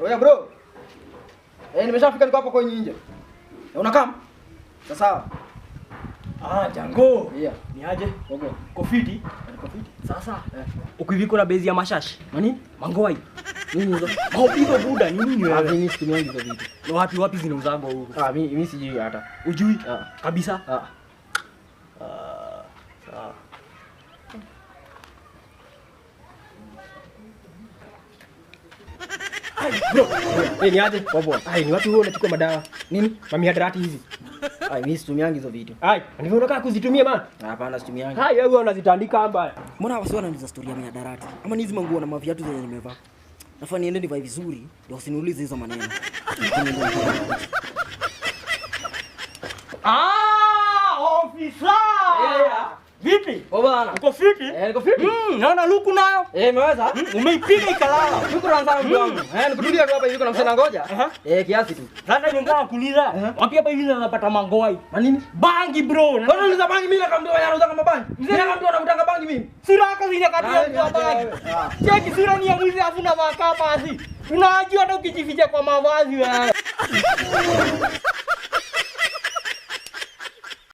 Oya bro. Eh, nimeshafika niko hapo kwenye nje. kama? Sasa. Ah, Jango. Yeah. Ni aje? Okay. Kofiti. Kofiti. Sasa. Yeah. Ukiviko na bezi ya mashashi. Nani? Mangoi. Nini hizo? Kwa hizo buda ni nini wewe? Hapo mimi situmia hizo vitu. Ni wapi wapi zinauzaga huko? Ah, mimi mimi sijui hata. Ujui? Ah. Kabisa? Ah. Hey, ni aje? Popo. Ai, ni watu wao wanachukua madawa. Nini? Mami hadrati hizi. Ai, mimi situmiangi hizo video. Ai, ndivyo unataka kuzitumia ma? Hapana, situmiangi. Hai, wewe unazitandika hapa. Mbona wasi wananiuliza story ya mihadarati? Ama ni hizi manguo na maviatu zenye nimevaa? Nafaa niende nivae vizuri, ndio usiniulize hizo maneno. Ah! Oh bana. Uko fiti? Eh, niko fiti. Mm, naona luku nayo. Eh, imeweza? Hmm, umeipiga ikalala. Shukrani sana mdogo wangu. Eh, nikutulia tu hapa hivi kuna msana ngoja. Eh, kiasi tu. Sasa eh. Wapi hapa hivi napata mangoi. Bangi bro. bangi mimi Mzee bangi mimi. Sura yako ah. Cheki sura ni ya mwizi afu na Unajua hata ukijificha kwa mavazi wewe.